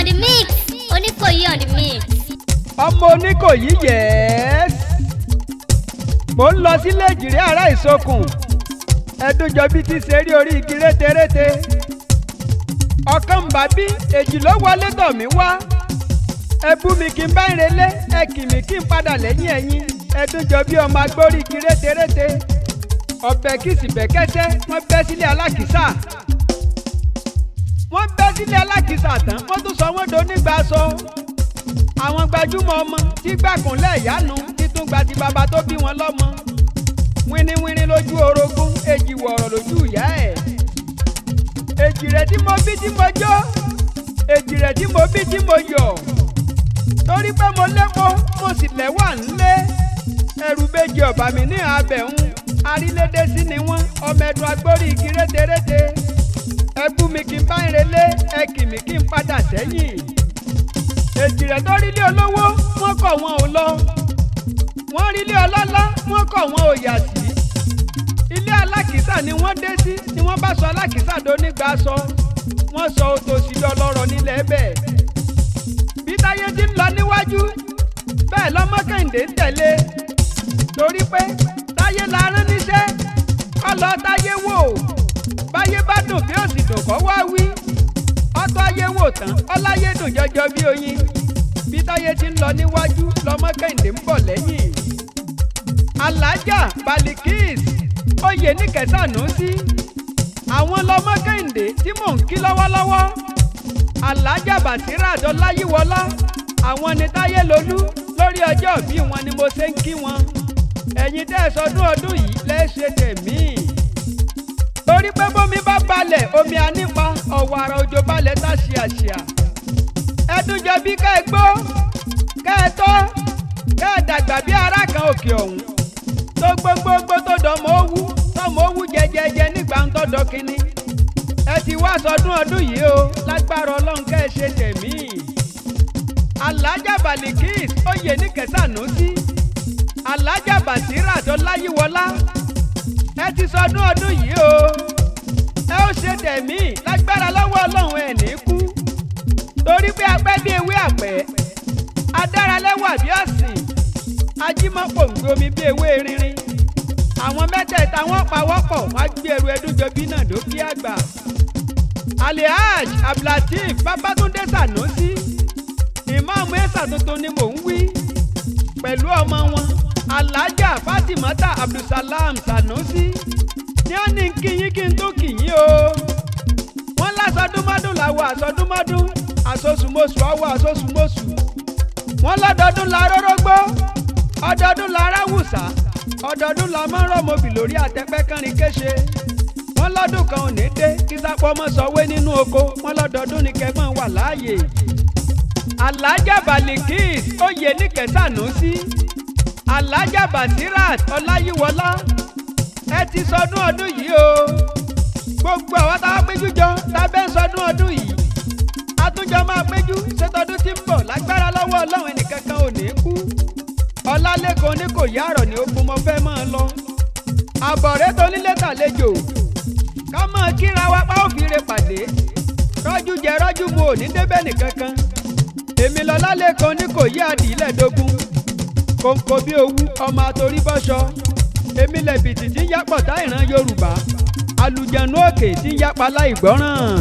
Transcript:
on the mix Oníkòyí on the mix. ọmọ Oníkòyí yẹ́s mò ń lọ sílé ìjìrí ará ìsokùn ẹdúnjọ bíi ti ṣe rí orí igi rétérété ọkàn ń bá bí èjì ló wọlé tọ̀ mí wá ẹbú mi kí n bá ìrẹ̀lẹ̀ ẹ kì mí kí n padà lẹ́yìn ẹ̀yìn ẹdúnjọ bíi ọmọ agbórí igi rétérété ọbẹ̀ kìsì bẹ̀kẹ́tẹ́ wọ́n bẹ́ sílé alákìsà wọ́n bẹ́ sílé alákìsà tán wọ́n tún sọ wọ́n donígbà sọ àwọn gbajúmọ̀ ọmọ tí gbàkúnlẹ̀ ìyánu títún gba ti bàbá tó bí wọn lọ́mọ wínníwínní lójú orogún èjì wọ̀rọ̀ lójú ìyá ẹ̀ èjì rẹ̀ tí mo bí tí mo jọ́ èjì rẹ̀ tí mo bí tí mo yọ̀ torí pé mo lépo mo sì lẹ́wà ńlé ẹrù méjì ọ̀bà ní abẹ̀ ń arílédé sí ni wọ́n ọmọ ẹ̀dùn agbórí igi rétérété ẹ bú mi kí n bá ń relé ẹ kì mí kí n padà sẹ́yìn èjì rẹ̀ tó rílé olówó wọ́n kọ̀ wọn ò lọ wọ́n rílé ọlọ́lá wọ́n kọ̀ wọn ò yà sí ilé alákìísà ni wọ́n dé sí ni wọ́n bá sọ alákìísà dónígbà sọ wọ́n sọ òtòṣì dọlọ́rọ̀ nílẹ̀ bẹ́ẹ̀ bí táyé ti ń lọ níwájú bẹ́ẹ̀ lọ́mọ Kẹ́hìndé ń tẹ̀lé torí pé táyé la rán níṣẹ́ kọ́ lọ táyé wò báyé bá dùn bí òsì dùn kọ́ wá wí ọtọ́ ayé wò tán ọláyé dùn jọjọ bí oyin bí táyé ti ń lọ níwájú lọmọ kẹ́hìndé ń bọ̀ lẹ́yìn alájà balikis oyè ní kẹsànù sí àwọn lọmọ kẹ́hìndé tí mò ń kí lọ́wọ́lọ́wọ́ alájà bàtírà àdọ́láyíwọlá àwọn ni táyé lolú lórí ọjọ́ bí wọn ni mo ṣe ń kí wọn ẹ̀yin tẹ́ ẹ sọdún ọdún yìí lẹ́ẹ́ ṣe tèmi omi bá balẹ̀ omi ànípa ọ̀wàrà òjò balẹ̀ tá ṣíàṣíà ẹdún jẹ bí ká ẹ gbó ká ẹ tọ́ ká ẹ dàgbà bí ará kan òkè ọ̀hún tó gbogbogbò tó dọ̀mọ́ owú tọ̀mọ́ owú jẹjẹjẹ nígbà ń tọ́dọ̀ kínní ẹ ti wá sọdún ọdún yìí o lágbára ọlọ́run ká ẹ ṣe tèmí alájà balikis oyè ní kẹsànùsí alájà basira tó láyíwọlá ẹ ti sọdún ọdún yìí o dẹ̀mí lágbára lọ́wọ́ ọlọ́run ẹ̀ ní kú torí pé apẹ́ bí ewé àpẹ́ adára lẹ́wà bí ọ̀sìn ajímọ̀pòǹgbò omi bí ewé rinrin àwọn mẹ́tẹ̀ẹ̀ta wọ́n pawọ́pọ̀ wọ́n á gbé ẹrù ẹdúnjọbí náà lókè àgbà alihaj abdulateef babatunde sanusi ìmáàmù ẹ̀sà tuntun ni mò ń wí pẹ̀lú ọmọ wọn alhaja fatimata abdulsalam sanusi ní ó ní kíyín kí n tó kíyín o wọ́n lásọdúnmọ́dún làwọ̀ àsọdúnmọ́dún àsosùmọ́sù àwọ̀ àsosùmọ́sù wọ́n lọ́dọọdún la rórógbó ọdọọdún la ráwùsà ọdọọdún la mọ́ rọ́mọbì lórí àtẹ́pẹ́ kánrin kéṣe wọ́n lọ́dún kan ò ní dé kí sápọ́ mọ́ sọwé nínú oko wọ́n lọ́dọọdún ni kẹgbọ́n wà láàyè alájà balikis oyè ní kẹsànù sí alájà basirat ọláyíwọlá ẹ ti sọnú ọdún yìí o gbogbo àwọn tá a péjú jọ tá a bẹ́ẹ̀ sọnú ọdún yìí àtúnjọ máa péjú ṣètọ́dún tí ń bọ̀ lágbára lọ́wọ́ ọlọ́run ẹnìkankan ò ní kú ọlálẹ́kan ní kò yàrọ̀ ní ogun mo fẹ́ máa lọ àbọ̀rẹ́ tó nílé tàlejò ká máa kíra wa pa òfìrè pàdé rọ́jú jẹ rọ́jú mu ò ní débẹ̀ nìkankan èmi lọ lálẹ́kan ní kò yí àdìlẹ̀ dógún kòǹkò bí owú ọmọ àtòrí bọ́ṣọ èmi lẹ̀bìtì tí ń yápọ̀ tá ìran Yorùbá àlùjẹ̀nú òkè tí ń yápa láìgbọ́ràn.